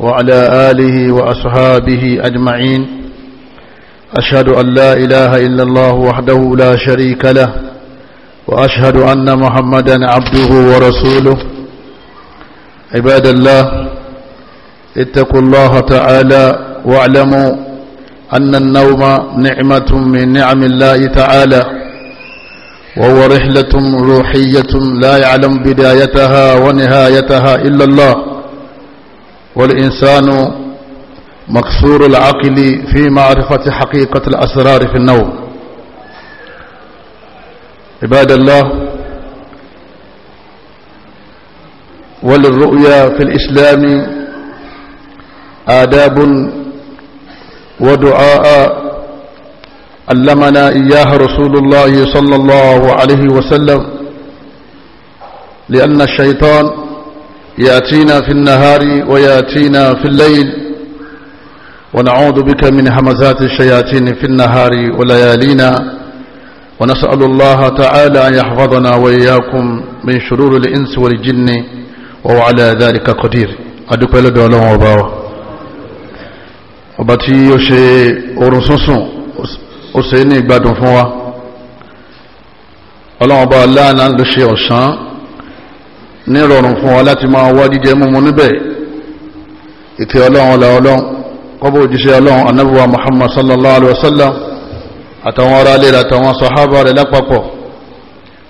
وعلى آله وأصحابه أجمعين أشهد أن لا إله إلا الله وحده لا شريك له وأشهد أن محمدا عبده ورسوله عباد الله اتقوا الله تعالى واعلموا أن النوم نعمة من نعم الله تعالى وهو رحلة روحية لا يعلم بدايتها ونهايتها إلا الله والإنسان مكسور العقل في معرفة حقيقة الأسرار في النوم عباد الله وللرؤيا في الإسلام آداب ودعاء علمنا إياها رسول الله صلى الله عليه وسلم لأن الشيطان ياتينا في النهار وياتينا في الليل ونعوذ بك من همزات الشياطين في النهار وليالينا ونسأل الله تعالى أن يحفظنا وإياكم من شرور الإنس والجن وعلى ذلك قدير أدوك بلد ولهم وباوة وباتي يوشي ورسوسو وسيني بادن فوا ولهم وباوة لا نان لشي وشان ní rọrùn fún wa láti máa wá jíjẹ múmu níbẹ̀ ìtẹ́ ọlọ́run ọlá ọlọ́run kọ́bọ̀ òjíṣẹ́ ọlọ́run anábíwá muhammad sallallahu alaihi wasallam àtàwọn ará lè àtàwọn sọ̀hábà rẹ̀ lápapọ̀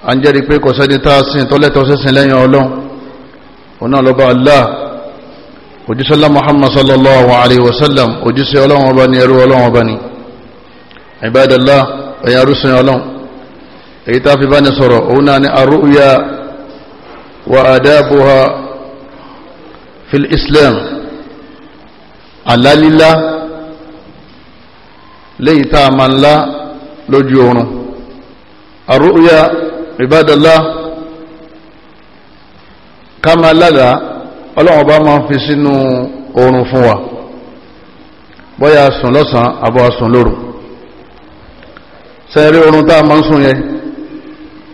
à ń jẹ́rìí pé kò sẹ́ni tá a sìn tó lẹ́tọ̀ọ́ sísìn lẹ́yìn ọlọ́run òun náà lọ́ba allah òjíṣẹ́ ọlọ́run muhammad sallallahu alaihi wasallam òjíṣẹ́ ọlọ́run ọba ni ẹrú ọlọ́run ọba ni ibadallah ẹ̀yà rúṣin ọlọ́run èyí tá a fi bá ní sọ̀rọ̀ òun náà ni arúgbó وآدابها في الإسلام على لله léyìí tá a máa ń lá lójú oorun àrùúyà ìbádọ́lá ká máa lálàá ọlọ́run bá máa ń fi sínú oorun fún wa bóyá sùn lọ́sàn-án àbọ̀ sùn lóru sẹ́ẹ̀rí oorun tá a máa ń sùn yẹn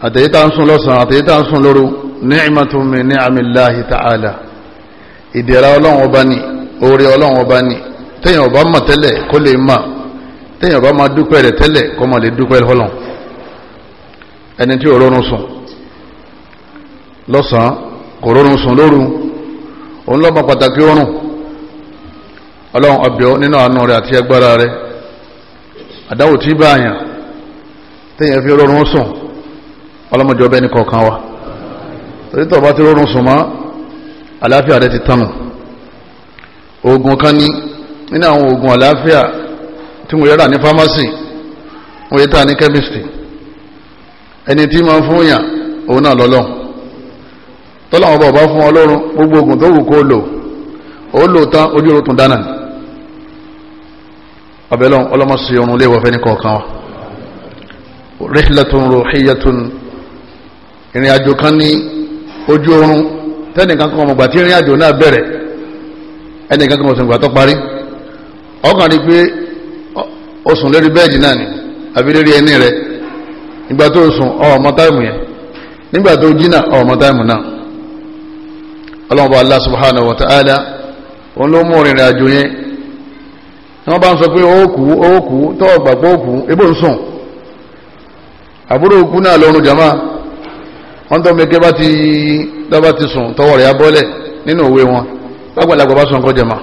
àtẹ̀yẹ́ta ń sùn lọ́sàn àtẹ̀yẹ́ta ń sùn lóru ni'matun min ni'amillahi ta'ala ìdẹ̀ra ọlọ́run ọba ni oore ọlọ́run ọba ni téèyàn ọba mọ̀ tẹ́lẹ̀ kó lè mà téèyàn ọba máa dúpẹ́ rẹ̀ tẹ́lẹ̀ kó mọ̀ lè dúpẹ́ fọlọ́n ẹni tí òrórun sùn lọ́sàn kò rórun sùn lóru òun lọ́mọ pàtàkì oorun ọlọ́run ọbẹ̀ nínú àánú rẹ̀ àti agbára rẹ̀ àdáwò tí báyàn téèyàn fi rórun sùn ọlọ́mọdé ọbẹ̀ ní kọ̀ọ̀kan wa torí tọ́ba ti rọrùn sùn mọ́ àlàáfíà rẹ ti tànù oògùn kan ní nínú àwọn oògùn àlàáfíà tí mo yára ní fámásì mo yẹ ta ní kẹ́mísítì ẹni tí máa ń fún yàn òun náà lọ́lọ́run tọ́lọ́wọ́n bọ̀ bá fún ọlọ́run gbogbo oògùn tó wù kó lò ó lò tán ojú ro tún dáná ọbẹ̀ lọ́wọ́n ọlọ́mọ sí ọrùn léwọ́ fẹ́ ní kọ̀ọ̀kan wa rihlatun ruhiyatun. ìrìn àjò kan ní ojú oorun tẹ́nìkan kan ọmọgbà tí ìrìn àjò náà bẹ̀rẹ̀ ẹnìkan kan ọ̀sìngbà tó parí ọkàn rí pé o sùn lórí bẹ́ẹ̀dì náà ni àbí lórí ẹni rẹ nígbà tó sùn ọmọ táìmù yẹn nígbà tó jí náà ọmọ táìmù náà ọlọ́run bá Allah subhanahu wa ta'ala òun ló mú ìrìn àjò yẹn ni wọ́n bá ń sọ pé ó kú ó kú pé ó kú jama wọ́n tó mẹ́kẹ́ bá ti dábà ti sùn tọwọ́ rẹ̀ abọ́lẹ̀ nínú òwe wọn lágbàlagbà bá sọ nǹkan jẹ̀mà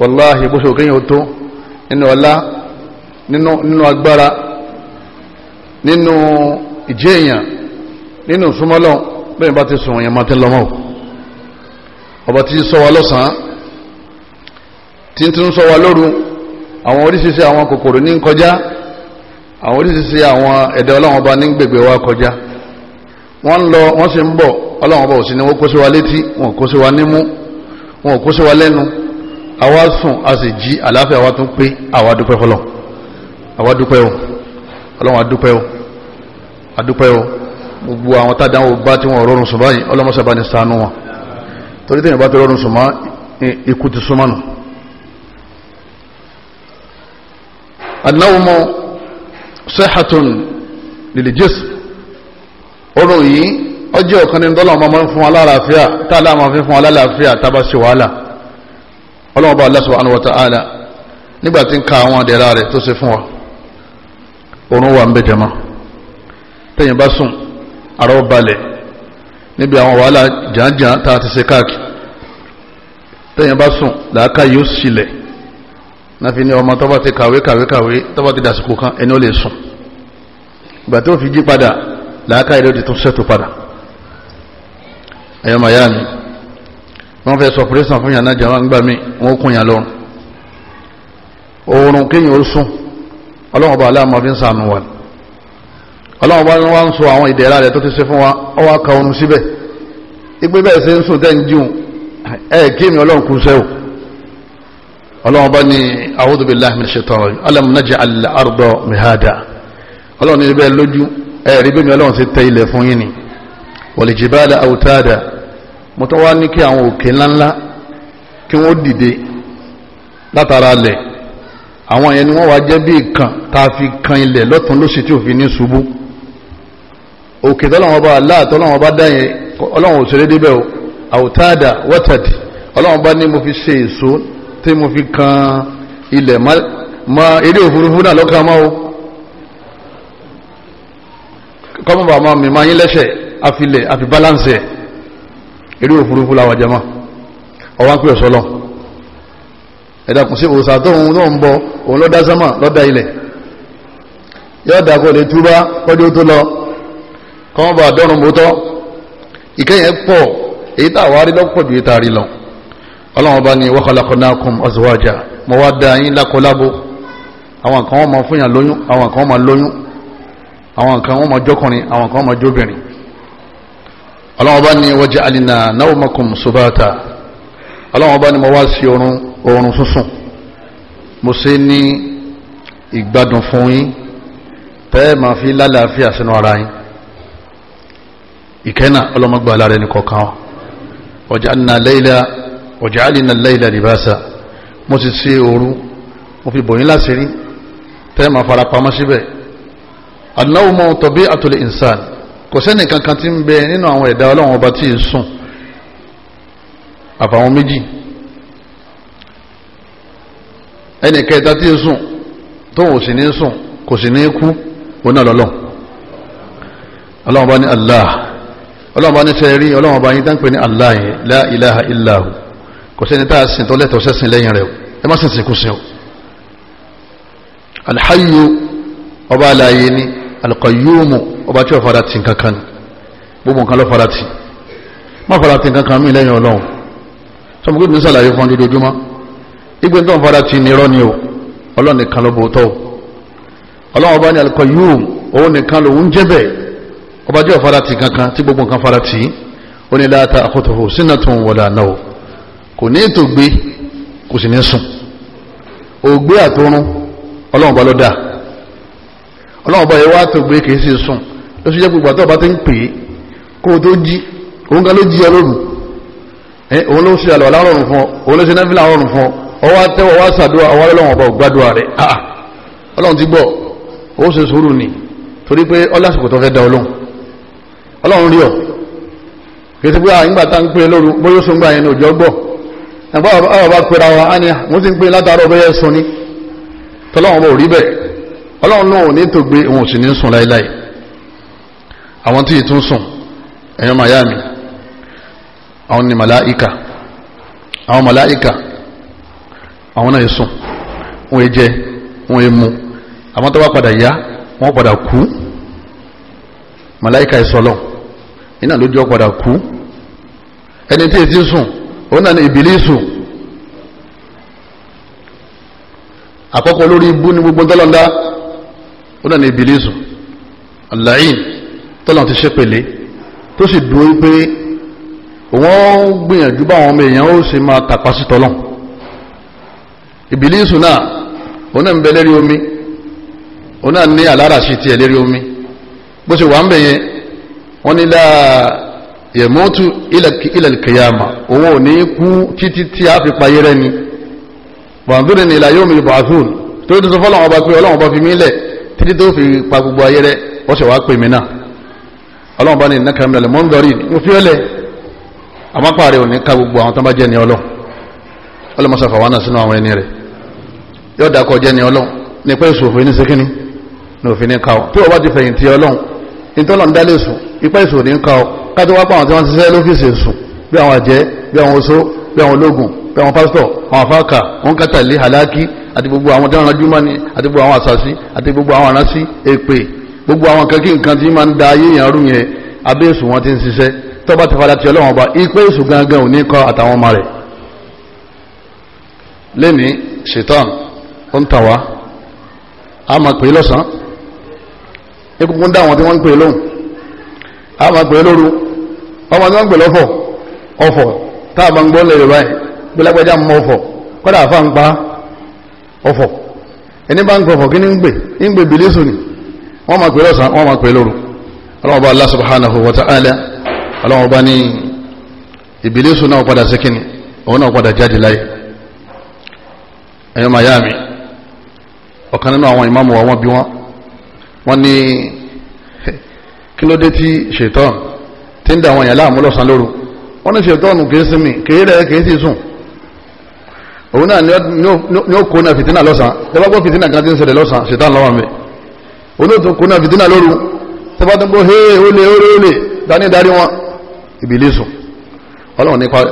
wàláhì bó ṣe òkèyàn ó tó nínú ọlá nínú agbára nínú ìjẹ́ èèyàn nínú súnmọ́lọ́ bẹ́ẹ̀ bá ti sùn èèyàn máa ti lọ́mọ́ ọba ti sọ wa lọ́sàn-án tí sọ wa lóru àwọn oríṣiríṣi àwọn kòkòrò ní kọjá àwọn oríṣiríṣi àwọn ẹ̀dá ọlọ́wọ́n bá ní gbègbè wa kọjá wọ́n ń lọ wọ́n sì ń bọ̀ ọlọ́run ọba òsì ni wọ́n kó sí wa létí wọ́n kó sí wa nímú wọ́n kó sí wa lẹ́nu àwa sùn a sì jí àlàáfíà wa tún pé àwa dúpẹ́ fọlọ́ àwa dúpẹ́ o ọlọ́run adúpẹ́ o adúpẹ́ o gbogbo àwọn tádàáwò bá tí wọ́n rọrùn sùn báyìí ọlọ́mọṣẹ́ bá ní ṣàánú wọn torí tẹ̀yìn bá ti rọrùn sùn mọ́ ikú ti súnmọ́ nù. anáwó mọ́ sẹ́hàtún lil jism oró yìí ọjọ́ ọ̀kan ní ọmọ máa ń fún wa lálàáfíà tá a fún wa lálàáfíà ṣe wàhálà ọlọ́wọ́n bá Allah subhanahu nígbà tí ń ka àwọn àdẹ̀rà rẹ̀ tó ṣe fún wa mbe wà ń bẹ jẹ̀mọ́ tẹ̀yìn bá sùn ara ó balẹ̀ níbi àwọn wàhálà jàǹjàǹ tá a ti ṣe káàkiri tẹ̀yìn bá sùn làákà yóò ṣílẹ̀ náfi ní ọmọ ti kàwé kàwé kàwé kan ẹni ó lè sùn ìgbà tó fi làákà ìlódì tó ṣètò padà ẹ̀yọ́ màyá ni wọ́n fẹ́ sọ pírẹ́sàn fún yàrá jàmá ń gbà mí wọ́n kún yàn lọ́rùn oorun kéèyàn ó sùn ọlọ́run ọba aláàmọ́ fi ń sànù wà ọlọ́run ọba wa ń sọ àwọn ìdẹ̀ra rẹ̀ tó ti ṣe fún wa ọ wá ka oorun síbẹ̀ igbe bẹ́ẹ̀ ṣe ń sùn tẹ́ ń jíun ẹ kí ọlọ́run kú sẹ́wọ̀ ọlọ́run ọba ní a'udhu billahi minash shaitani alam naj'al al-arda mihada ọlọ́run ní lójú ẹ̀rí bí mi ọlọ́run ti tẹ ilẹ̀ fún yín ni wọ̀lẹ̀jìbáàdà àwùtáàdà mo tọ́ wá ní kí àwọn òkè ńláńlá kí wọ́n dìde látara lẹ̀ àwọn yẹn ni wọ́n wá jẹ́ bí ìkan tá a fi kan ilẹ̀ lọ́tún lósì tí òfin ní ṣubú òkè tọ́lọ́wọ́n bá aláàtọ́ ọlọ́wọ́n bá dá yẹn ọlọ́wọ́n òṣèré débẹ̀ o àwùtáàdà wọ́tàdì ọlọ́wọ́n bá ní mo fi ṣe èso tí mo fi kan ilẹ̀ má eré òfurufú náà lọ́kàn máa kọ́mọ̀ bá máa mìíràn yín lẹ́sẹ̀ àfilẹ̀ àfi balance ẹ̀ eré òfurufú làwọn jẹ́ mọ́ ọwọ́n pè ọ̀sọ́ lọ ẹ̀dá kùn sí òòsà tó ń náà ń bọ òun ló dá sánmà lọ́dá ilẹ̀ yóò dà kó lè túbá kọ́jú tó lọ azwaja mo wá dá yín lákọlábo àwọn kan wọ́n máa fún yàn lóyún àwọn kan wọ́n máa lóyún àwọn kan wọ́n máa jọkùnrin àwọn kan wọ́n máa jóbìnrin ọlọ́wọ́n bá ní waj'alna nawmakum subata ọlọ́wọ́n bá ní mo wá sí oorun oorun sísùn mo ṣe ní ìgbádùn fún yín tẹ́ ẹ máa fi lálàáfíà sínú ara yín ìkẹ́nà ọlọ́mọgbà alára ẹni kọ̀ọ̀kan waj'alna layla waj'alna layla libasa mo ti ṣe òru mo fi bòyín láṣìírí tẹ́ ẹ máa farapamọ́ síbẹ̀ anáwòmọ́ tọ́bí àtòlè insan kò sẹ́ni kankan tí ń bẹ nínú àwọn ẹ̀dá ọlọ́run ọba tí ì sùn àfàwọn méjì ẹnì kẹta tí ì sùn tóun ò sì ní sùn kò sì ní kú òun náà lọ́lọ́ ọlọ́run ọba ní Allah ọlọ́run ọba ní sẹ́rí ọlọ́run ọba yín dáńpẹ́ ní Allah yẹn la ilaha illahu kò sẹ́ni tá a sìn tó lẹ́tọ̀ọ́ sẹ́sìn lẹ́yìn rẹ̀ ẹ má sìn sìnkú sìn o alhayu ọba àlàyé ni alqayyumu ọba tí ó fara ti nǹkan kan gbogbo nǹkan ló fara ti má fara ti nǹkan mí lẹ́yìn ọlọ́run sọmọ gbé mi sàlàyé fún ojoojúmọ́ igbe tó ń fara ti nírọ́ ni o ọlọ́run nìkan ló bò tọ́ o ọlọ́run ọba ní alqayyumu òun nìkan lòun jẹ́ bẹ́ẹ̀ ọba tí ó fara ti nǹkan tí gbogbo nǹkan fara ti ó ní la ta'khutuhu sinatun wala nawm kò ní ètò gbé kò sì ní sùn ògbé àtọrun ọlọ́run ọba ló dáa ọlọ́run bá yẹ wá tó gbé kìí sí sùn ló sì jẹ́ gbogbo àtọ́ bá ti ń pè é kó o tó jí òun kan ló jí ẹ òun ló ń ṣe àlọ́ fún òun ló ṣe náfìlà àrọ̀rùn fún ọwọ́ àtẹwọ́ wá sàdúrà ọwọ́ ọlọ́run ọba ògbádùn rẹ̀ ọlọ́run ti gbọ́ ó ṣe sùúrù ni torí pé ọlásìkò tó fẹ́ da ọlọ́run ọlọ́run rí ọ kìí sí pé àyíngbà tá ń pè lóru bóyá ó sùn gbà yẹn ní òjò gbọ́ àbá bá pera wa á ní mo ti ń pè látàárọ̀ bóyá ẹ ni tọ́lọ́run bò rí bẹ́ẹ̀ ọlọ́run náà ò ní tó gbé òun ò sì ní sùn láéláé àwọn tí ìtún sùn ẹ̀yàn màyá mi àwọn ni màláìka àwọn màláìka àwọn náà sùn wọn jẹ wọn mu àwọn tó bá padà yá wọn padà kú màláìka ìsọlọ iná lójú ọ padà kú ẹni tí ètí sùn òun náà ni ìbílísù àkọ́kọ́ lórí ibú ni gbogbo ńlọ́dá ó dà ní ìbílísù aláìn tọ́lá ti ṣépele tó sì dúró wípé wọ́n gbìyànjú báwọn ọmọ èèyàn ó sì máa tàpá sí tọ́lọ̀ ìbílísù náà òun náà ń bẹ lérí omi òun náà ní aláràṣí tiẹ̀ lérí omi bó ṣe wà ń bẹ yẹn wọ́n ní láà yẹmọtu ilẹ̀ kìyàmà ní kú títí tí a fi payé rẹ ni bàbúrò ní ìlà yóò mi bàtún torí tuntun fọlọ́wọ́n ọba pé ọlọ́wọ́n ọba fi mí lẹ̀ títí tó fi pa gbogbo ayé rẹ wọ́n ṣe wàá pè mí náà ọlọ́run bá ní ìnáka mi lọ́lẹ̀ mọ́ ń dọ̀rí mo fi ọ́lẹ̀ àmọ́pá rẹ̀ ò ní ká gbogbo àwọn tó bá jẹ́ ní ọlọ́run ọlọ́mọṣà fàwọn náà sínú àwọn ẹni rẹ̀ yóò dákọ̀ jẹ́ ní ọlọ́run ní pẹ́ ìṣòfò ní síkíní ní òfin ní ká ọ tó o bá ti fẹ̀yìntì ọlọ́run ìtọ́lọ̀ ń dálé sùn ipá ìṣòfò ní ká ọ ká wá pa àwọn tí wọ́n ti sẹ́ lọ́fíìsì sùn bí àwọn àjẹ́ bí àwọn oṣó bí àwọn ológun bí àwọn pásítọ̀ àwọn afáàkà wọn kàtàlé halaki àti gbogbo àwọn dáhùn ajúmọ́ ni àti gbogbo àwọn àṣàṣì àti gbogbo àwọn aránsí èpè gbogbo àwọn kan kí nǹkan tí máa ń da ayé yẹn rú yẹn abẹ́ èṣù wọn ti ń ṣiṣẹ́ tọ́ba ti fara ti ọlọ́wọ́n ba ipe èṣù gangan ò kọ́ àtàwọn ọmọ rẹ̀ lẹ́ni ṣetán ó ń tàn a máa pè é lọ́sàn-án dá àwọn tí wọ́n ń pè é lóhùn a máa pè é lóru ọmọ tí wọ́n ń pè lọ́fọ̀ ọ̀fọ̀ taa ń gbọ́ lè rẹ̀ báyìí ba mọ́ ọ̀fọ̀ kọ́dà àfà ń pa ọ̀fọ̀ ẹni bá ń gbọ́fọ̀ kí ngbe ngbe gbè ń gbè ala ni wọ́n máa pè lọ́sàn wọ́n máa pè lóru ọlọ́wọ́n bá Allah subhanahu wa ta'ala ọlọ́wọ́n bá ní ìbìlísù náà padà sí kíni òun nínú àwọn ìmáàmù wa bí ní kí ló dé tí ṣètọ́n tí ń àwọn èèyàn láàmú lọ́sàn lóru wọ́n ní ṣètọ́nù kìí sinmi kìí rẹ̀ kìí sì sùn òun náà ni ó kóná fìtínà lọ́sàn tẹ́bá gbọ́ fìtínà kan ti ń ṣẹlẹ̀ lọ́sàn ṣètọ́nù lọ́wọ́ mi olóòtú kóná fitina lóru tẹ́bá tó ń gbọ́ hee olè olè olè dání darí wọn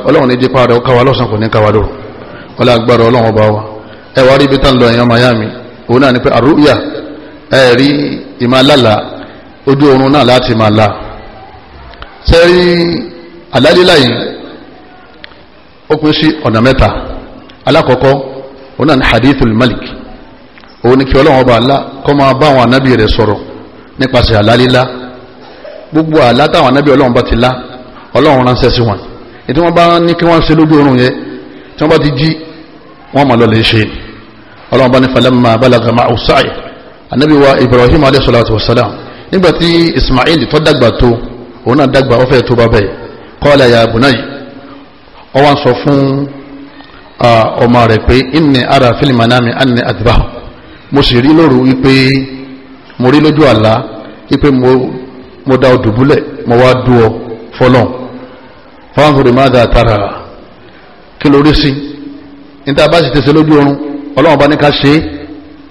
ọlọ́run ní rẹ̀ ó káwa lọ́sàn kò ní káwa lóru agbára ọlọ́run ọba wa ẹ wá rí ibi lọ miami náà ni pé ẹ rí ìmàlálà ojú oorun náà láti la sẹ́rí àlálílà yìí ó pín sí ọ̀nà mẹ́ta alákọ̀ọ́kọ́ òun náà ní hadithul malik òun ní kí ọlọ́run ọba àlá kọ́ máa bá àwọn anábì rẹ̀ sọ̀rọ̀ nípasẹ̀ àlálílá gbogbo àlá táwọn anábì ọlọ́run bá ti lá ọlọ́run ránṣẹ́ sí wọn ètò wọn bá ní kí wọ́n ṣe lójú oorun yẹn tí wọ́n bá ti jí wọ́n máa lọ lè ṣe ọlọ́run bá ní falamma balaga ma'u sa'i anábì wa ibrahim alayhi salatu wa salam nígbà tí ismail tó dàgbà tó òun náà dàgbà ó tó bá bẹ́ẹ̀ qala ya bunay ó wá ń sọ fún ọmọ rẹ̀ pé ara fil manami anni adbahu mo sì rí lóru wípé mo rí lójú àlá wípé mo da odò mo wá du ọ fọlọ́n fanzuri madha tara kí lórí sí níta bá sì tẹ̀sẹ̀ lójú oorun ọlọ́run bá ní ká ṣe é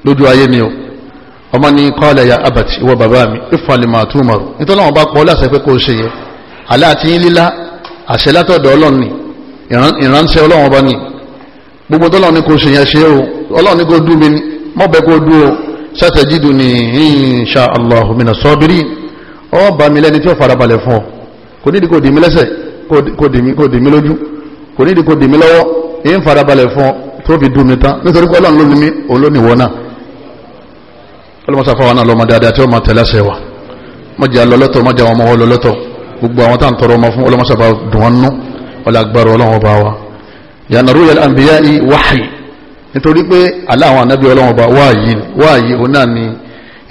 lójú ni o ọmọ ní ya ìwọ bàbá mi nítorí wọn bá aláàtí lílá àṣẹ látọ̀dọ̀ ọlọ́run ni ìránṣẹ́ ọlọ́run ọba ni gbogbo tọ́lọ́run ni kò ṣe yẹn ṣe o ọlọ́run ni kò dú mi mọ́ bẹ́ẹ̀ kò dú o satajiduni insha Allah mina sọ́bírì ọ bá mi lẹ́ni tí ó farabalẹ̀ fún ọ kò nídìí kò dì mí lẹ́sẹ̀ kò dì mí lójú kò nídìí kò dì mí lọ́wọ́ èyí ń farabalẹ̀ fún ọ tó fi dùn mí tán nítorí pé gbogbo àwọn tá à ń tọrọ ọmọ fún ọlọ́mọṣàbà dùn wọn nú ọlágbára ọlọ́wọ́n bá wa yànnà rúyà àǹbíyá ni wáhì nítorí pé aláwọn anábì ọlọ́wọ́n bá wáàyí wáàyí òun náà ni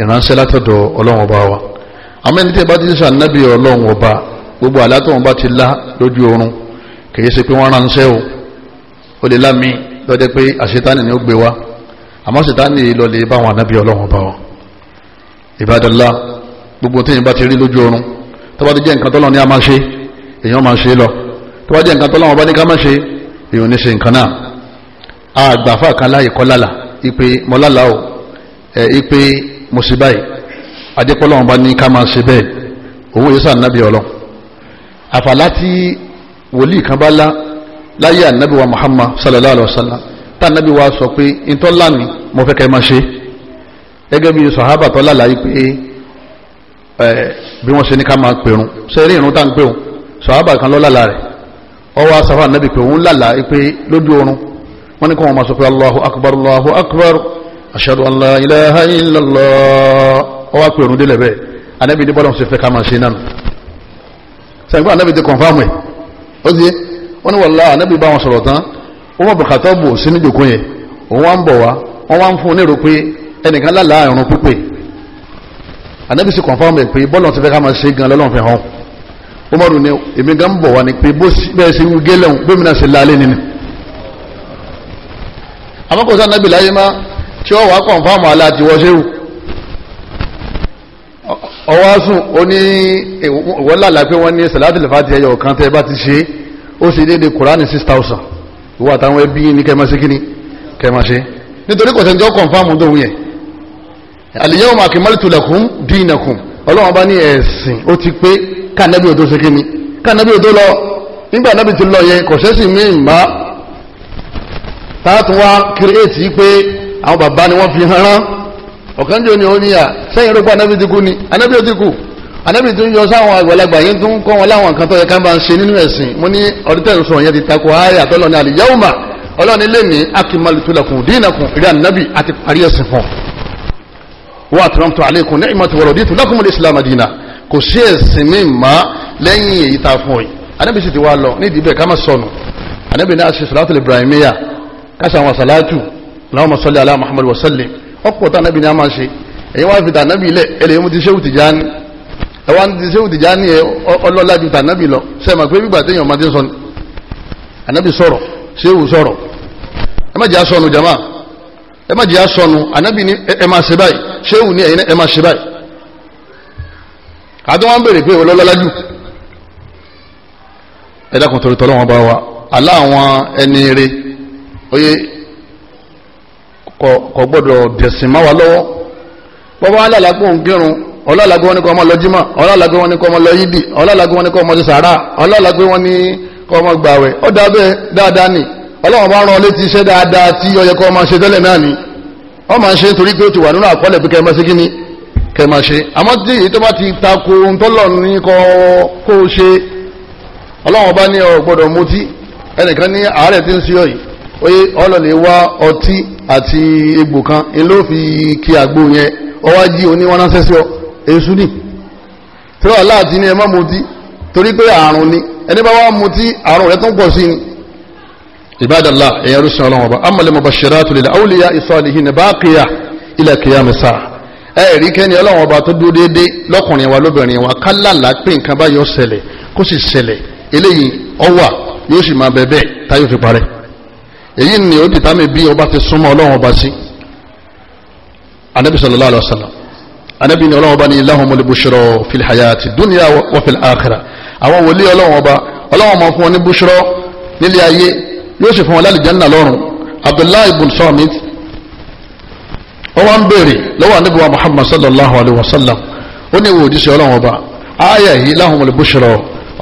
ìránṣẹ́ látọ̀dọ̀ ọlọ́wọ́n bá wa àmọ́ ní tí ẹ bá ti sàn nábì ọlọ́wọ́n bá gbogbo àlátọ̀wọ́n bá ti lá lójú oorun kìí ṣe pé wọ́n ránṣẹ́ o ó lè lámì lọ́dẹ pé àṣetánì ni ó gbé wa àmọ́ ṣetánì lọ lè bá àwọn anábì ọlọ́wọ́n bá wa ìbádọ́lá gbogbo téèyàn bá ti rí lójú oorun tó bá ti jẹ́ nǹkan tọ́lọ́ ní a máa ṣe èèyàn máa ṣe lọ tó bá jẹ́ nǹkan tọ́lọ́ wọn bá ní ká máa ṣe èèyàn ní ṣe nǹkan náà àgbàfà kan láyè kọ́ lálà ipe mọ́lálà o ẹ ipe mùsíbáì adépọ́lọ́ wọn bá ní ká máa ṣe bẹ́ẹ̀ òun yìí sànnábì ọlọ́ àfàlá tí wòlíì kan bá lá láyé ànábì wa Muhammad sallallahu alayhi wa sallam tá ànábì wa sọ pé ntọ́lá ni mo fẹ́ kẹ́ máa ṣe gẹ́gẹ́ bí sọ̀hábà tọ́lá láyé pé bí wọ́n ṣe ní ká máa pèrún ṣe rí ìrún tá ń pèrún sọ̀hábà kan lọ́ lálàá rẹ̀ ọwọ́ asafa anabi pé òun lálàá pé lójú oorun wọ́n ní kí wọ́n máa sọ pé allahu akbar allahu akbar ashadu an la ilaha illallah ọwọ́ pèrún délẹ̀ bẹ́ẹ̀ anabi ní bọ́lá ṣe fẹ́ ká máa ṣe nánu sẹ́gbọ́n anabi ti kọ̀nfàmù ẹ̀ ó di wọ́n ní wàllá anabi bá wọn sọ̀rọ̀ tán wọ́n bọ̀ kàtọ́ bò sínú ìjòkó yẹn òun wá ń bọ̀ wá wọ́n wá ń fún un ní èrò ànábì sì confam ẹ̀ pé bọ́ọ̀lù ti fẹ́ ká máa ṣe gan lọ́lọ́run fi hàn Umaru ni èmi gan bọ̀ wá ni pé bẹ́ẹ̀ ṣe ń gé lẹ́hùn bómi náà ṣe lálẹ́ nínú àmọ́kòsá ànábì láyé má tí ó wàá confam àlá àti wọ́ṣẹ́wù ọwọ́ sùn ó ní ìwọ́n lálàá pé wọ́n ní salatul fati ẹyọ kan tẹ́ bá ti ṣe ó sì déédéé kuraani six thousand ìwọ àtàwọn ẹbí ní kẹ́ẹ̀ máa ṣe kíni kẹ́ẹ̀ máa ṣe nítorí kò sẹ́ni confam tó ń yẹn al-yawma akmaltu lakum dinakum ọlọ́wọ́n bá ní ẹ̀sìn ó ti pé káànábì òdó ṣe kíni káànábì òdó lọ nígbà nábì ti lọ yẹn kọ̀ṣẹ́sì míì má táàtún wá kírẹ́ẹ̀tì pé àwọn bàbá ni wọ́n fi hàn án ọ̀kánjọ́ ni ó níyà sẹ́yìn rúgbọ́ anábì ti kú ni anábì ó ti kú anábì ti ń yọ sáwọn àgbàlagbà yẹn tó ń kọ́ wọn láwọn nǹkan tó yẹ ká máa ń ṣe nínú ẹ̀sìn mo ní ọ̀rítẹ́ ìsọ̀rọ̀ yẹn ti takò ààrẹ àtọ́lọ́ ní al ọlọ́ni lẹ́ni akmaltu lakum dinakum ìrẹ́ ànábì àti parí ẹ̀sìn fún ọ wa atramtu alaykum ni'mati wa raditu lakum al-islam dina kò sí ẹ̀sìn mi mà lẹ́yìn èyí tá a fún ọ yìí anábì sì ti wá lọ nídìí bẹ́ẹ̀ ká sọnù anábì náà ṣe sàlátù ibrahimiya káṣà àwọn sàlátù Allahumma salli ala muhammadu wa sallim ọ̀pọ̀ tá anábì ní a máa ṣe èyí wá fi tà anábì ilẹ̀ ẹlẹ́yìn mo ti ṣéwù Tìjàní ẹwà ń ti ṣéwù Tìjàní ẹ ọlọ́lá ju tà anábì lọ sẹ́ẹ̀mà pé gbígbà téèyàn máa ti sọ ni anábì sọ̀rọ̀ ṣéwù sọ̀rọ̀ ẹ má jẹ́ àsọnù jama ẹ má jẹ́ àsọnù anábì ní ẹ máa ṣe báyìí ṣéwù ní ẹ̀yin ẹ máa ṣe báyìí àti wọn béèrè pé ọlọ́lọ́lá jù ẹ dákun torí tọ́lọ́wọ́n bá wa àlá àwọn ẹni rè oyè kò gbọ́dọ̀ dẹ̀sìn má wa lọ́wọ́ bọ́bá alálàgbọ̀n gírun ọlọ́làgbọ̀n ní kọ́ ọmọ lọ jímọ̀ ọlọ́làgbọ̀n ní kọ́ ọmọ lọ yídì ọlọ́làgbọ̀n ní kọ́ ọmọ ti sàárà ọlọ́làgbọ̀n ní kọ́ ọmọ gbàwẹ̀ ó dábẹ́ dáadáa ni ọlọ́wọ́n bá rán ọ létí iṣẹ́ dáadáa tí ó yẹ kó ṣe tẹ́lẹ̀ náà ni wọ́n máa ń ṣe torí pé ó ti wà nínú àkọọ́lẹ̀ pé kẹ́ẹ̀mọ́ sí kí ni kẹ́ẹ̀mọ́ àmọ́ tí èyí tó bá ti tako ntọ́lọ̀ ní kọ́ kó o ṣe ọlọ́run bá ní ọ gbọ́dọ̀ ẹnìkan ní àárẹ̀ tí ń ṣe ọ̀yì oye ọlọ́lẹ̀ wá ọtí àti egbò kan ló fi kí àgbo yẹn ọwá jí oníwọ́násẹ́ sí ọ èṣù ni tí wọ́n láti ní ẹ má mutí torí pé àrùn ni ẹni bá wá mutí àrùn rẹ̀ tó ń pọ̀ sí ni ibadallah ẹ̀yẹ rúṣin ọlọ́wọ́n ọba amọ̀lẹ́ mubashiratu lil awliya salihina baqiya ila qiyam sa'a ẹ rí kẹ́ni ọlọ́wọ́n ọba tó dúró déédé lọ́kùnrin wa lóbìnrin wa kálàlà pé nǹkan báyọ̀ ṣẹlẹ̀ kó sì ṣẹlẹ̀ eléyìí ọwà yóò sì máa bẹ̀bẹ̀ táyọ̀ fi parẹ́ èyí ni ó dìtàmì bí ọba ti súnmọ́ ọlọ́wọ́n ọba sí anabi sallallahu alayhi wa sallam anabi ni ọlọ́wọ́n ọba ni lahumul bushra fil hayati dunya wa fil akhirah wòlíì ọlọ́wọ́n ọba yóò sì fún wọn lálẹ́ jẹ́nà lọ́rùn abdullahi ibn samit wọ́n wá ń béèrè lọ́wọ́ anábìwá muhammad sallallahu alayhi wa sallam ó ní ìwò òjíṣẹ́ ọlọ́run ọba ayé yìí láwọn olè búṣọrọ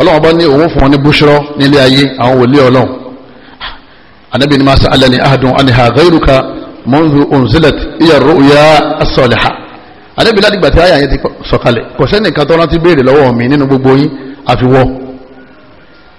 ọlọ́run ọba ní òun fún wọn ní búṣọrọ nílé ayé àwọn wòlé ọlọ́run anábì ni masa alẹ́ ni ahadun aniha ghayruka mundu unzilat iya ruya asaliha anábì ládìgbà tí ayé yẹn ti sọ̀kalẹ̀ kò sẹ́nìkan tó rántí béèrè lọ́wọ́ mi nínú gbogbo yín àfiwọ́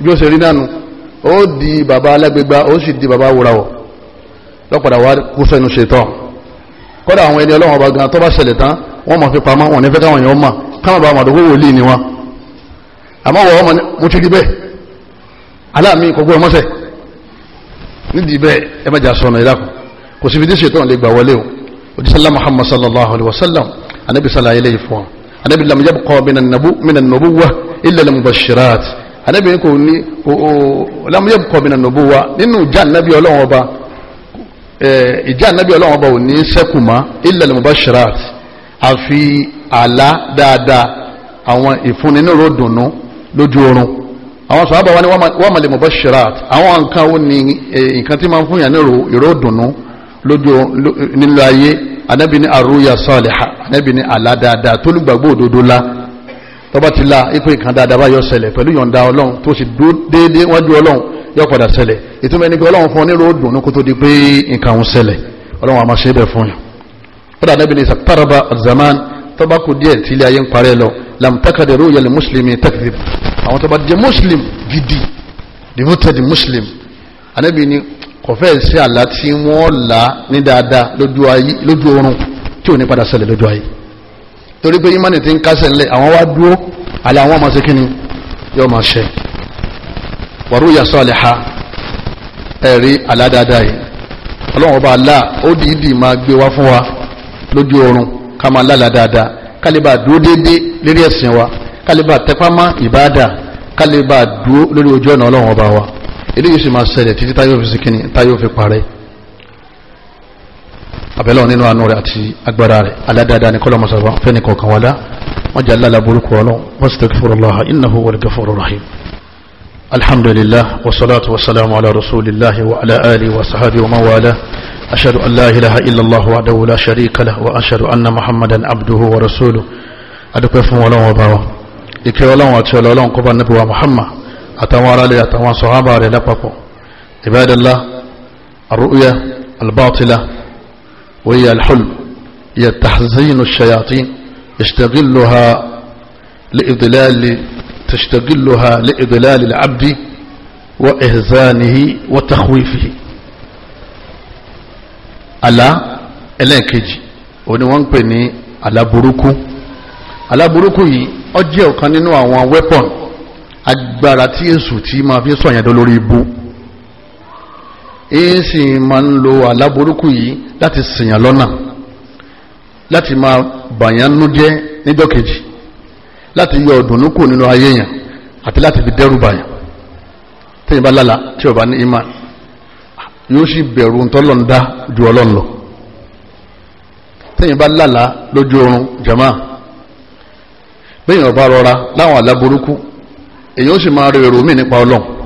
bí ó ṣe rí nánu ó di bàbá alágbègbà ó sì di bàbá wúrawọ̀ lọ́pàdà wá kú sẹ́nu ṣètọ́ kọ́dà àwọn ẹni ọlọ́wọ́n ọba gan tó bá ṣẹlẹ̀ tán wọ́n mọ̀ fi pamọ́ wọn ní fẹ́ káwọn èèyàn mọ̀ káwọn bá màdókò wòlíì ni wọn àmọ́ wọ́n mọ̀ mo ti rí bẹ́ẹ̀ aláàmì kò gbọ́dọ̀ mọ́sẹ̀ nídìí bẹ́ẹ̀ ẹ mẹ́jà sọnù ìdákùn kò sí fi dí ṣètọ́ lè gbà wọlé o òdìsálà muhammad sallallahu alaihi wasallam anabi sallallahu alaihi fún wa anabi lam yabqa minan nubuwwa illa al-mubashirat anabi kò ní lamuyẹ kọmina nobo wa nínú ìjà anabi Ọlọ́run ọba ìjà anabi Ọlọ́run ọba ò ní sẹkùnmá ilal mubashirat àfi àlá dáadáa àwọn ìfúnni ní ròdùnú lójú oorun àwọn sàhábà wa ni wọ́n mọ̀lẹ́ mubashirat àwọn nǹkan wo ni nǹkan tí máa ń fún yàn ní ìròdùnú lójú nílò anabi ní arúyà saliha anabi ní àlá dáadáa tó lùgbàgbọ́ la tọ́ba ti la ipe kan dáadáa bá yọ ṣẹlẹ̀ pẹ̀lú yọ̀ǹda ọlọ́run tó sì dúró déédéé wájú ọlọ́run yọ padà ṣẹlẹ̀ ìtumọ̀ ẹni pé ọlọ́run fún ọ nílò ó dùn kó tó di pé nǹkan òun ṣẹlẹ̀ ọlọ́run àmọ́ ṣe é bẹ̀ fún yàn. kódà níbi ní sàtàràbà zaman tọ́ba kù díẹ̀ tí ilé ayé ń parẹ́ lọ làmùtàkàdé ró yẹlẹ mùsùlùmí tẹkìtì àwọn tọ́ba jẹ́ mùsùlùm gidi devoted muslim anabi ni kò fẹ́ sí àlá tí wọ́n là ní dáadáa lójú oorun tí ò ní padà ṣẹlẹ̀ lójú ayé torí pé imani ti ń kásẹ̀ ńlẹ̀ àwọn wá dúró àlẹ́ àwọn ọmọ sí kíni yóò máa ṣe wàrúyà sọ́ọ̀lẹ́ha ẹ̀rí aládáadáa yìí ọlọ́run ọba alá ó dìídì máa gbé wá fún wa lójú oorun ká máa lálà dáadáa kálíbà dúró déédé lérí ẹ̀sìn wa kálíbà tẹpámọ́ ìbáàdà kálíbà dúró lórí ojú ọ̀nà ọlọ́run ọba wa eléyìí sì máa ṣẹlẹ̀ títí táyọ̀ fi sí kíni táyọ̀ fi parẹ́ abẹ́lẹ́ nínú àánú rẹ̀ àti agbára rẹ̀ aládáadáa ní kọ́lọ́ mọ́sàfà fẹ́ni kọ̀ọ̀kan wá dá wọ́n jẹ́ alála burúkú ọlọ́ wastaghfirullaha innahu huwal ghafurur rahim alhamdulillah wasalaatu wasalaamu ala rasulillah wa ala alihi wa sahabihi wa man ashadu an la ilaha illallah wahdahu la sharika lah wa ashadu anna muhammadan abduhu wa rasuluhu adúpẹ́ fún ọlọ́run ọba wa ìkẹ́ ọlọ́run àti ọlọ́run kọba wa muhammad àtàwọn aráàlẹ̀ àtàwọn sọ̀hábà rẹ̀ lápapọ̀ ibadallah arru'ya albatila وهي الحلم هي تحزين الشياطين يشتغلها لإضلال تشتغلها لإضلال العبد وإهزانه وتخويفه ألا ẹlẹ́ẹ̀kejì òní wọ́n ń pè ní aláburúkú aláburúkú yìí ó jẹ́ ọ̀kan nínú àwọn weapon agbára tí èsù tí máa fi sọ̀yàn dọ́ lórí ibu èyí sì máa ń lo aláborúkú yìí láti ṣìyàn lọ́nà láti máa bàyàn nú jẹ́ níjọ́ kejì láti yọ ọ̀dùnnú kù nínú ayé yẹn àti láti fi dẹ́rù bàyàn tẹ́yìn bá lálàá tí ọba ní imá yóò sì bẹ̀rù ntọ́lọ́ndá ju ọlọ́run lọ tẹ́yìn bá lálàá lójú oorun jama bẹ́yìn ọba rọra láwọn aláborúkú èyí ó sì máa rí èrò míì nípa ọlọ́run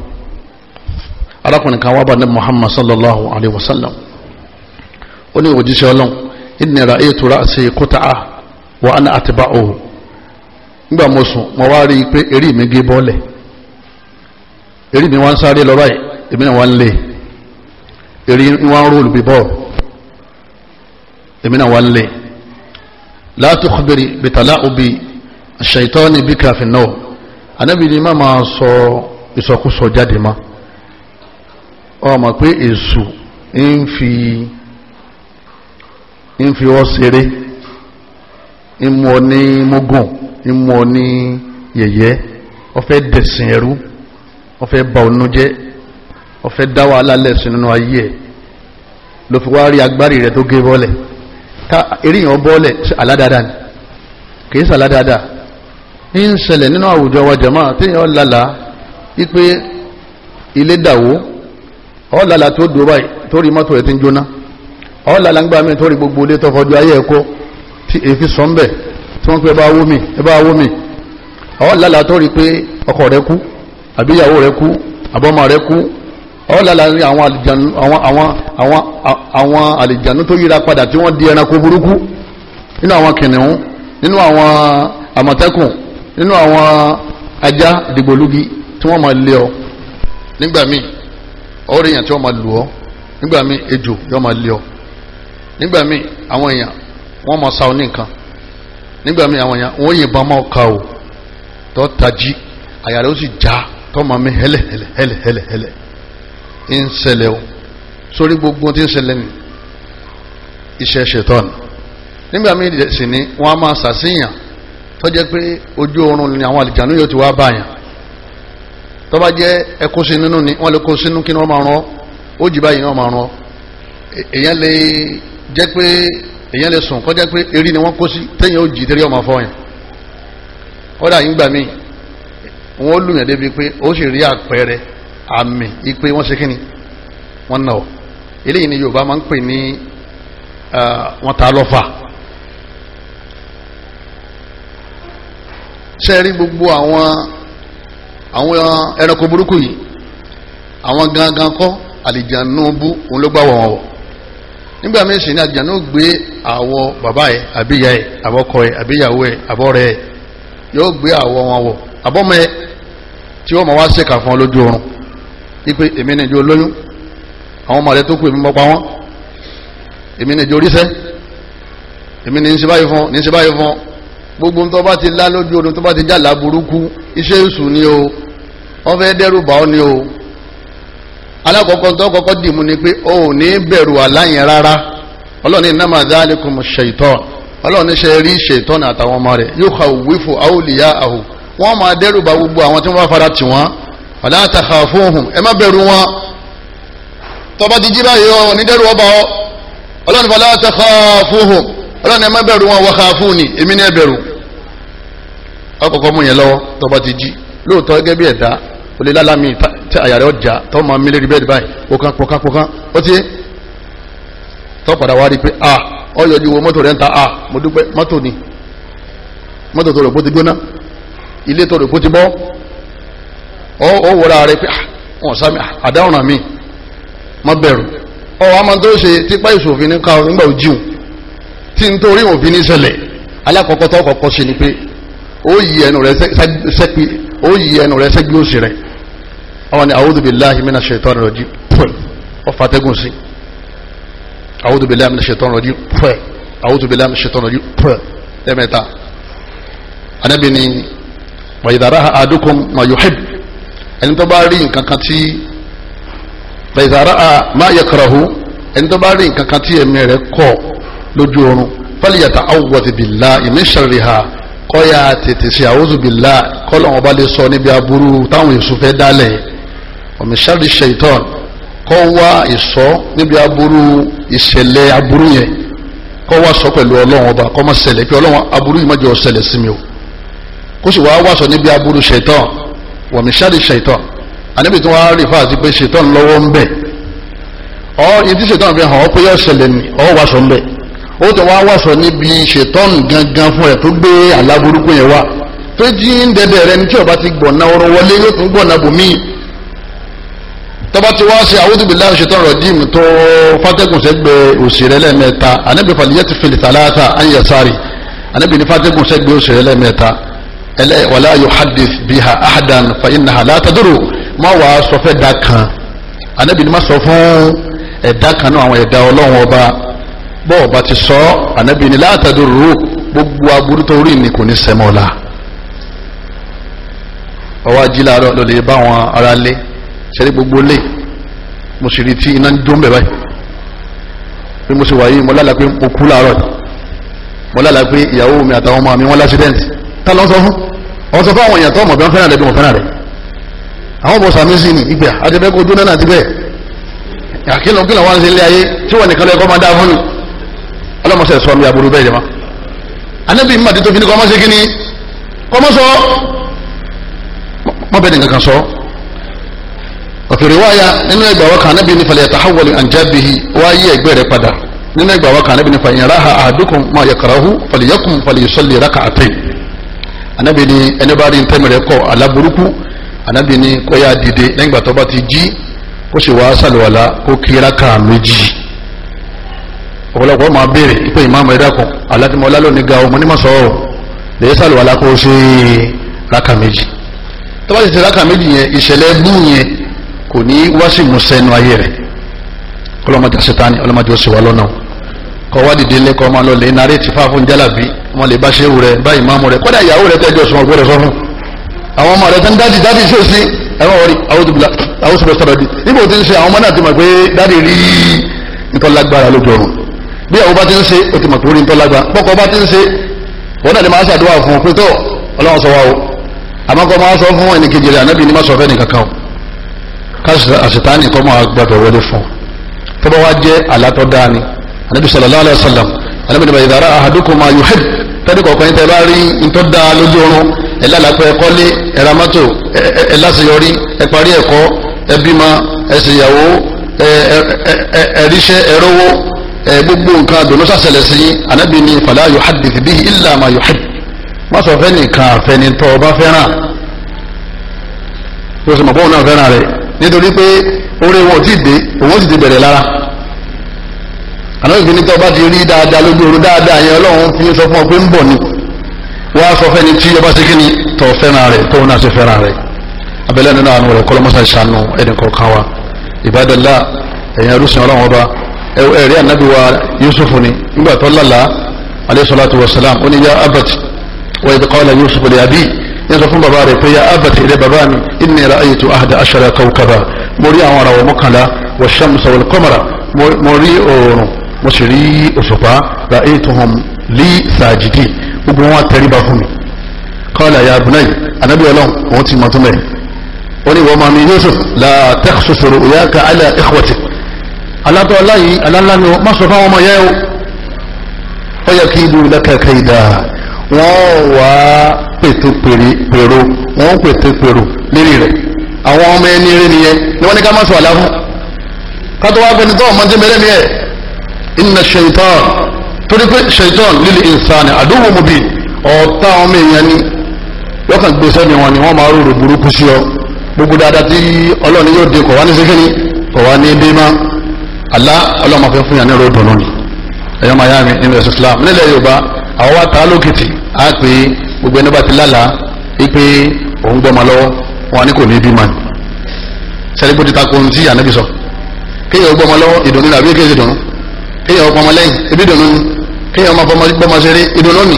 arákùnrin kan wá bá ní muhammad sallallahu alayhi wa sallam ó ní òjíṣẹ́ ọlọ́run inni ra'aytu ra'si quta'a wa ana atba'uhu nígbà mo sùn mo wá rí i pé eré mi gé bọ́ọ̀lẹ̀ eré mi wá ń sáré lọ báyìí èmi náà wá ń lé eré mi wá ń róòlù bí bọ́ọ̀lù èmi náà wá ń lé la tukhbiri bitala'ubi ash-shaytani bika fi an-nawm má máa sọ ìsọkúsọ jáde máa ọmọ pé èṣù ń fi ń fi ọ ṣeré ń mú ọ ní mógùn ń mú ọ ní yẹ̀yẹ́ ó fẹ́ dẹ̀sìn ẹ̀rú ó fẹ́ bà ọ́nú jẹ́ ó fẹ́ dá wàhálà lẹ́sìn nínú ayé ẹ̀ ló fi wá rí agbárí rẹ̀ tó gé bọ́lẹ̀ ká eríyàn bọ́lẹ̀ aládàáda ni kìí sàládàáda ń ṣẹlẹ̀ nínú àwùjọ wa jàmáà téèyàn lálàá wípé ilé dàwó ọ̀làlà tó dùn báyìí torí mọ́tò ẹ̀ ti ń jóná ọ̀làlà ń gbà mí torí gbogbo ilé tó fọjú ayé ẹ̀kọ́ tí èéfi sọ ń bẹ̀ tí wọ́n pe bá wó mi ẹ bá wó mi ọ̀làlà torí pé ọkọ rẹ kú àbí ìyàwó rẹ kú àbọ́mọ rẹ kú ọ̀làlà ní àwọn àlìjànú àwọn àwọn àwọn àwọn àlìjànú tó yíra padà tí wọ́n di ẹranko burúkú nínú àwọn kìnìún nínú àwọn àmọ̀tẹ́kùn nínú àwọn ajá dìgbòlugi tí wọ́n máa lé ọ nígbà míì ọ̀rẹ́ èèyàn tí wọ́n máa lù ọ́ nígbà míì ejò yọ́ máa lé ọ nígbà míì àwọn èèyàn wọ́n máa sa ọ ní nǹkan nígbà míì àwọn èèyàn wọ́n yìnbọn máa ka o tọ́ tají àyà rẹ̀ ó sì já tọ́ máa mi hẹ́lẹ̀ hẹ́lẹ̀ hẹ́lẹ̀ hẹ́lẹ̀ hẹ́lẹ̀ ń ṣẹlẹ̀ o sórí gbogbo tí ń ṣẹlẹ̀ ni iṣẹ́ ṣetán nígbà míì sì ni wọ́n á máa sàṣìyàn tó jẹ́ pé ojú oorun ni àwọn àlìjánu yóò ti wá báyàn tó bá jẹ́ ẹkún nínú ni wọ́n lè kó sínú kí wọ́n máa rán ó jì báyìí wọ́n máa rán èèyàn lè jẹ́ pé èèyàn lè sùn kọjá pé eré ni wọ́n kó sí téèyàn ó jì tẹ́lẹ̀ ọmọ fọyín kọ́dà yín gbà míì wọ́n lùyàn débi pé ó sì rí àpẹẹrẹ àmì ipe wọ́n ṣe kíni wọ́n nà ọ́ eléyìí ni Yorùbá máa ń pè ní wọ́n ta lọ́fà ṣe gbogbo àwọn àwọn ẹranko burúkú yìí àwọn gangan kọ́ àlìjànú bú òun ló gbàwọ̀ wọn wọ̀ nígbà míì sì ni àlìjànú gbé àwọ̀ bàbá ẹ̀ àbíyá ẹ̀ àbọ̀kọ ẹ̀ àbíyàwó ẹ̀ àbọ̀rẹ̀ ẹ̀ yóò gbé àwọ̀ wọn wọ̀ àbọ̀mọ ẹ̀ tí wọ́n mọ̀ wá ṣèkà fún ọ lójú oorun wípé èmi ni ìjọ olóyún àwọn ọmọ rẹ tó kú èmi mọ́ pa wọ́n èmi ni ìjọ oríṣẹ́ èmi ni ń ṣe báyìí fún ní ṣe báyìí fún gbogbo tó bá ti lá lójú odò tó bá ti jàlá burúkú iṣẹ́ ìsù ni o wọ́n fẹ́ dẹ́rù bá ọ ni o alákọ̀ọ́kọ́ tó kọ́kọ́ dìmú ni pé o ò ní bẹ̀rù aláyẹn rárá ọlọ́ọ̀ni innama dhalikum shaitan ọlọ́ọ̀ni ṣe rí shaitan àtàwọn ọmọ rẹ̀ yukhawwifu awliya'ahu wọ́n máa dẹ́rù bá gbogbo àwọn tí wọ́n bá fara tì wọ́n fala takhafuhum ẹ má bẹ̀rù wọn tó ti jí báyìí ọ ní dẹ́rù ọba ọ ọlọ́ọ̀ni fala takhafuhum ọlọ́run ẹ má bẹ̀rù wọn wọ́ha fún ni èmi ní ẹ bẹ̀rù ọkọ̀ọ̀kọ̀ mú yẹn lọ́wọ́ tó bá ti jí lóòótọ́ gẹ́gẹ́ bí ẹ̀dá olè lálàmì tí àyà ọjà tó máa mílẹ̀ rí bẹ́ẹ̀ báyìí pọ̀kan pọ̀kan pọ̀kan ó ti tó padà wá rí pé a ah, ọyọ ju wo mọ́tò rẹ̀ ń ta a ah, mo dúpẹ́ mọ́tò ni mọ́tò tó rò bó ti gbóná ilé tó rò bó ti bọ́ ó wọra rẹ̀ pé ah, wọn sá mi àdáhùn mi má bẹ̀rù ọ̀ àmọ́ tó ṣe tipa ìṣòfin ní ká nígbà òjìun tí n torí òfin ní ṣẹlẹ̀ alákọ̀ọ́kọ́ tó kọ́kọ́ ṣe ni pé ó yí ẹnu rẹ sẹ́pì ó yí ẹnu rẹ sẹ́gbẹ́ òsì rẹ àwọn ni a'udhu billahi minash shaitani rajim fẹ́ ọ̀fà tẹ́gùn sí a'udhu billahi minash shaitani rajim fẹ́ a'udhu billahi minash shaitani rajim fẹ́ lẹ́mẹ̀ta anabi ni wa idha ra'a ahadukum ẹni tó bá rí nǹkan kan tí wa idha ra'a ma ẹni tó bá rí nǹkan kan tí ẹ̀mí rẹ̀ kọ̀ lójú oorun fáliyàtà awùwọ̀dì bìlá ìmísàrì ha kọ́yà tètè sí àwùzù bìlá kọ́lọ́wọ́n bá lè sọ níbi aburú táwọn èso fẹ́ dálẹ̀ ọ̀mísàrì ṣèitán kọ́ wá ìsọ níbi aburú ìṣẹ̀lẹ̀ aburú yẹn kọ́ wá sọ pẹ̀lú ọlọ́wọ́n ọba kọ́ mọ́ ṣẹlẹ̀ pé ọlọ́wọ́n aburú yìí mọ́jọ́ ṣẹlẹ̀ sí mi o kó sì wáá wá sọ níbi aburú ṣèitán ọ̀mísàrì ṣèitán àníbi ó tẹ wá wàsọ níbi ṣètọ́nù gangan fún ẹ tó gbé aláburúkú yẹn wá tó jí ń dẹdẹ rẹ ní tí ọba ti gbọ̀nà ọrọ̀ wọlé yóò tún gbọ̀nà bòmíì tọba ti wá ṣe a'udhu billahi shaitanir rajim tó fàtẹ́gùn sẹ́gbẹ́ òsì lẹ́ẹ̀mẹ́ta anábì falyatfil thalatha an yasari anábì ní fàtẹ́gùn sẹ́gbẹ́ òsì rẹ lẹ́ẹ̀mẹ́ta ẹlẹ́ biha ahadan fa má wà á sọ fẹ́ sọ fún ẹ̀dá kan náà àwọn ẹ̀dá ọba bọ́ọ̀ ọba ti sọ ànábì látàdúró gbogbo aburú tó rí ni kò ní sẹ́mọ́lá ọwọ́ ajíláàárọ̀ ló lè bá wọn ara lé ṣẹ́rí gbogbo lé mo sì rí tí iná ń jó ń bẹ̀ mo sì wáyé mo lálàá pé mo kú láàárọ̀ mo lálàá pé ọmọ mi wọn tá ló ń sọ fún ọmọ bí fẹ́ràn bí fẹ́ràn àwọn ọmọ sí ni ìgbà àti bẹ́ẹ̀ kó náà àti bẹ́ẹ̀ àkínlọ́kínlọ́ ilé ayé tí ọlọmọsẹ sọ mi aburú bẹ́ẹ̀ jẹ ma anabi mmadu tó fi ni kọmọsẹ kini kọmọsọ mọbẹ nìkan kan sọ ọfẹ riwaya nínú ẹgbẹ àwọn kan anabi ní falẹ tahawali anjabihi wáyé ẹgbẹ rẹ padà nínú ẹgbẹ àwọn kan anabi ní falẹ yàrá ha àdúkùn ma yakarahu falẹ yakun falẹ yusalli raka àtẹ anabi ní ẹni bá rí ntẹ́mi rẹ kọ aláburúkú anabi ní kọ́yà dìde lẹ́yìn gbàtọ́ bá ti jí kó sì wá sàlùwàlà kó kí raka méjì ọ̀pọ̀lọpọ̀ máa béèrè pé ìmáàmù ẹ̀dá kan aláàtìmọ̀ ọlá lónìí ga ọmọ onímọ̀ sọ̀rọ̀ lèyẹ sàlùwà lákó ṣe ráka méjì tó bá ti ṣe ráka méjì yẹn ìṣẹ̀lẹ̀ bú yẹn kò ní wá sí ìmúṣẹ́nu ayé rẹ̀ ọlọ́mọdé ṣetánì ọlọ́mọdé ó sì wà lọ́nà kọ́ wá dìde ilé kọ́ máa lọ lè narí ti fáfún jálàbí wọn lè bá ṣéwù rẹ̀ bá ìmáàmù rẹ̀ kọ́dà ìyàwó rẹ̀ tẹ́jọ́ sùn ọgbẹ́rẹ́ sọ́fún àwọn ọmọ rẹ̀ tán dájì dájì sí òsì ẹ̀wọ̀n wọ̀rí àwọn sọ̀rọ̀ sọ̀rọ̀ di níbo ti ń ṣe àwọn ọmọ náà ti mọ̀ pé dájì rí ìtọ́lágbára lójú ọ̀run bí àwọn bá ti ń ṣe o ti mọ̀ pé orí ń tọ́ lágbá bọ́kọ bá ti ń ṣe wọn náà ni máa ṣàdúrà fún un pé tó ọlọ́run sọ wa o àmọ́ kọ́ máa sọ fún ẹnì kejì rẹ̀ ànábì ní má sọ fẹ́ nìkan kan o káṣí àṣetánì kọ́ máa gbàgbọ́ wọlé fún un tó bá wá jẹ́ àlátọ́ dání ànábì sallallahu alaihi wasallam ànábì nígbà ìdára ahadukum ma yuhib tẹ́lẹ̀ kọ̀ọ̀kan yìí tẹ́ bá rí ntọ́ da lójú oorun ẹ̀ lálàpẹ́ kọ́lé ẹ̀ ra mọ́tò ẹ̀ láṣeyọrí ẹ̀ parí ẹ̀kọ́ ẹ̀ bímọ ẹ̀ ṣèyàwó ẹ̀ ríṣẹ́ ẹ̀ rówó ẹ gbogbo nǹkan dùnú sàṣẹlẹ̀ sí yín anabi ni fala yuhaddith bihi illa ma yuhib má sọ fẹ́ nìkan àfẹnitọ́ ọba fẹ́ràn yóò sọ ma bọ́ọ̀ náà fẹ́ràn rẹ̀ nítorí pé orí wọn ò tí ì dé òun ó sì ti bẹ̀rẹ̀ lára ànábìbí ní bá ti rí dáadáa lójú oru dáadáa yẹn ọlọ́run fi sọ fún ọ pé ń bọ̀ ni wọ́n á sọ fẹ́ni tí ọba ṣe kí ni tọ́ fẹ́ràn rẹ̀ tóun náà ṣe fẹ́ràn rẹ̀ abẹ́lẹ́ nínú àánú rẹ̀ kọ́lọ́mọ́sá ìṣàánú ẹnì wa ìbádọ́lá ẹ̀yìn ẹrúsìn ọlọ́run ọba ẹ̀rí ànábì wa yusuf ni nígbà tó lálàá alayhi salatu wa salam ó ní ya abati wa idh qala yusuf li abi ní sọ fún bàbá rẹ̀ pé ya abati ilé bàbá mi inni ra'aytu ahada ashara kawkaba mo rí àwọn aràwọ̀ mọ́kànlá wa shamsa wal qamara mo rí oòrùn mo sì rí òṣùpá ra'aytuhum li sajidi gbogbo wọn tẹríba fún mi qala ya bunay ànábì ọlọ́run òun ti mọ̀ mẹ́rin ó ní wọ́n máa mi yusuf la takhsus alátọ́ aláyí alálá ni wọ́n má sọ fáwọn ọmọ yẹ́ o ó yẹ kí ibú lẹ́kẹ̀kẹ́ ìdá wọ́n wá pètò pèrò wọ́n pètò pèrò lérí rẹ̀ àwọn ọmọ ẹni eré nìyẹn ni wọ́n ní ká má sọ àlá fún kátó wá gbẹni tó ọmọ tí mẹrẹ mi ẹ inna shaitan torí pé shaitan lílì insani àdúgbò mobi ọ̀tá ọmọ èèyàn ni wọ́n kàn gbèsè ni wọn ni wọ́n máa rúrò burúkú sí ọ gbogbo dáadáa tí ọlọ́ọ̀ni yóò àlá ọlọ́mọ fẹ́ fún yàn ní ròdùn lónìí ẹ̀yọ́ máa yá nínú ẹ̀sùn Islam nílẹ̀ Yorùbá àwọn wa ta lókìtì á pé gbogbo ẹni bá ti lálà wípé òun gbọ́mọ lọ́wọ́ wọn ni kò ní bí man sẹ́ni bó ti ta ko ohun tí ànábì sọ kéèyàn gbọ́mọ lọ́wọ́ ìdùnnú ni àbí kéèyàn ìdùnnú kéèyàn gbọ́mọ lẹ́yìn ebi ìdùnnú ni kéèyàn máa gbọ́mọ ṣeré ìdùnnú ni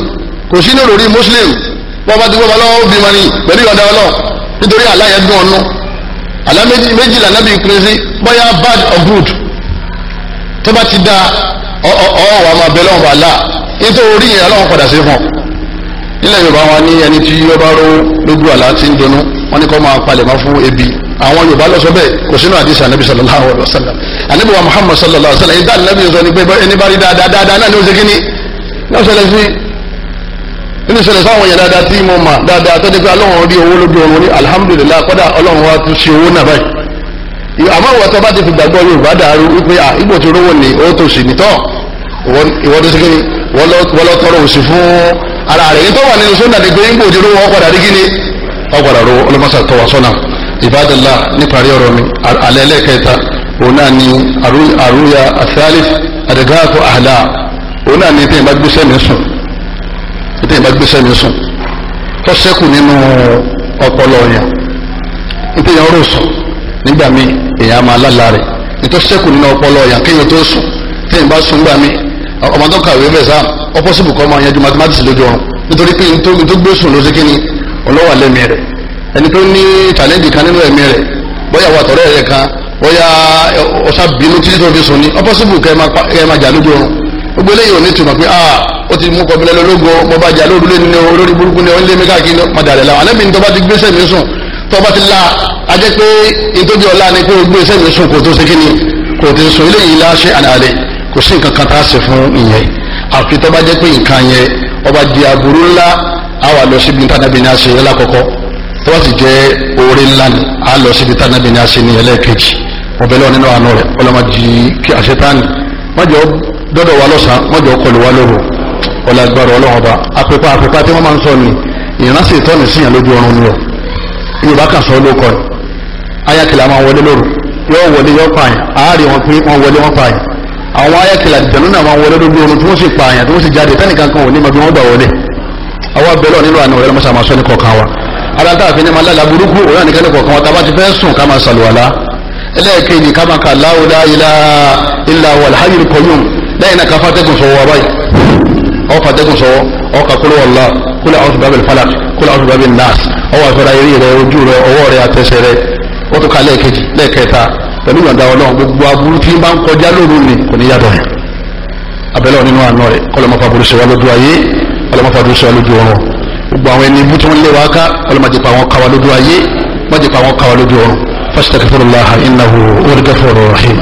kò sí ní muslim wọ́n bá ti gbọ́mọ lọ́wọ́ ó bí man ni pẹ̀lú ìyọ̀ǹda ọlọ́ nítorí àlá yẹn dùn ọ̀nù àlá méjì lànàbì kìrìsì bad or good tó bá ti da ọwọ́ wa máa bẹ lọ́wọ́ bá là nítorí orí yẹn aláwọ̀ padà sí fún nílẹ̀ yorùbá wa ní ẹni tí yóò bá ró lójú àlá ti ń dunnú wọn ni kò máa palẹ̀ mọ́ fún ebi àwọn yorùbá lọ sọ bẹ́ẹ̀ kò sínú àdìsí anabi sallallahu alayhi wa sallam anabi wa muhammad sallallahu alayhi wa sallam ìdá anabi sọ ni pé ẹni bá rí dáadáa dáadáa náà ni ó ṣe kíni náà ṣẹlẹ̀ sí nínú ìṣẹ̀lẹ̀ sáwọn yẹn dáadáa tí mo mà dáadáa tó dé pé alóhùn rí owó lójú oorun ní alhamdulilayi kọ́dà ọlọ́run wa tún ṣe owó náà báyìí àmọ́ ìwọ tó bá ti fi gbàgbọ́ yorùbá dàrú wípé à ìgbò tó rówó ni ó tó sì nítọ́ ìwọ tó ṣe wọ́n lọ tọrọ òsì fún ara rẹ̀ yìí tó wà nínú sọ́nà ni pé ìgbò tó rówó ọ̀padà rí kíni ọ̀padà ro ọlọ́mọṣà tó wà sọ́nà ìbádọ́lá níparí ọ̀rọ̀ mi alẹ́ ẹlẹ́kẹta òun náà ni àrúyà àtàlif àdàgáàtò àhàlà òun náà ni tẹ́yìn bá gbéṣẹ́ mi sùn tẹ́yìn bá gbéṣẹ́ mi sùn tó ṣẹ́kù nínú ọpọlọ yẹn tẹ́yìn ọrọ̀ sùn nígbà míì èèyàn máa lálàá rẹ̀ nítorí sẹ́kù nínú ọpọlọ ọ̀yà kéèyàn tó sùn téèyàn bá sùn gbà míì ọmọ tó kàwé bẹ̀ sáà ọpọ́sibù kọ́ máa yanjú mathematics lójú ọrùn nítorí pé nítorí tó gbé sùn ló ṣe kíni ọlọ́wà lẹ́mí rẹ̀ ẹni tó ní challenge kan nínú ẹ̀mí rẹ̀ bóyá wà tọ̀rẹ́ rẹ̀ kan bóyá ọ̀sà bínú títí tó fi sùn ní ọpọ́sibù kẹ́ ẹ ah ó ti mú kọ̀bílẹ̀ lọ́gọ́ mo bá jà lóru lé nínú olórí burúkú ni ó ń lé mi káàkiri padà rẹ̀ alẹ́ mi ní tó bá ti gbéṣẹ́ mi sùn tọba ti la ajẹ́ pé ìtọ́jú ọ̀la ni pé o gbé sẹ́mi sùn kò tó ṣe kíni kò tó sùn eléyìí láṣẹ àlàalẹ̀ kò sí nǹkan kan tá a ṣe fún ìyẹn àfi tọba jẹ́ pé nǹkan yẹn ọba di aburú ńlá a wà lọ síbi tànàbí ní àṣẹ ẹlẹ́kọ̀ọ́kọ́ tọba ti jẹ́ oore ńlá ni a lọ síbi tànàbí ní àṣẹ ní ẹlẹ́ẹ̀kejì ọbẹ̀ lọ nínú àánú rẹ̀ ọlọ́mọdé kí àṣetáni mọ́jọ́ dọ́dọ̀ wa lọ́sàn-án mọ́jọ́ kọlù wa lóru ọ̀làgbàrọ̀ ọlọ́wọ́ba àpèpà àpèpà tí wọ́n máa yorùbá kan sọ ló kọ ẹ ayakẹlẹ àwọn wọlé lóru yóò wọlé yóò pààyàn àárín wọn pé wọn wọlé wọn pààyàn àwọn ayakẹlẹ àdìjẹnu náà máa wọlé lójú oorun tí wọn sì pààyàn tí wọn sì jáde tẹnìkan kan ò ní ma bí wọn gbà wọlé àwọn abẹ́lọ̀ nínú àná ọ̀rẹ́ lọ́mọṣà máa sọ ní kọ̀ọ̀kan wa ara tá a fi ní ma lálàá burúkú òun àníkẹ́ ní kọ̀ọ̀kan wa tá a bá ti fẹ́ sùn ká máa sàlùwàlá ẹlẹ́ẹ̀kejì ká máa kà láwùlá ilá ilá wà láyé kọ́yún lẹ́yìn náà ká fàtẹ́kùn sọ̀wọ́ abáyé ọ̀ fàtẹ́kùn sọ̀wọ́ ọ̀ kà kúlọ̀ wọ̀lá kúlọ̀ àwọn tó bá falak kúlọ̀ àwọn tó bá bẹ̀ ọwọ́ àtọ́ra eré rẹ ojú rẹ ọwọ́ rẹ àtẹsẹ̀ rẹ wọ́n tó ka lẹ́ẹ̀kejì lẹ́ẹ̀kẹta pẹ̀lú ìyọ̀ǹda ọlọ́run gbogbo aburú tí ń bá ń kọjá lóru ni kò ní yàtọ̀ yẹn abẹ́lẹ́ nínú àná rẹ̀ kọlọ́mọ́fà burúkú wa lójú ayé kọlọ́mọ́fà burúkú wa lójú ọ̀run gbogbo àwọn ẹni ibú tí wọ́n lé wa ká kọlọ́mọ́jẹ̀pá wọn káwa